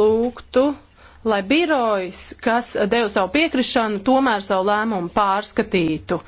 lūgtu, lai birojs, kas deva savu piekrišanu, tomēr savu lēmumu pārskatītu.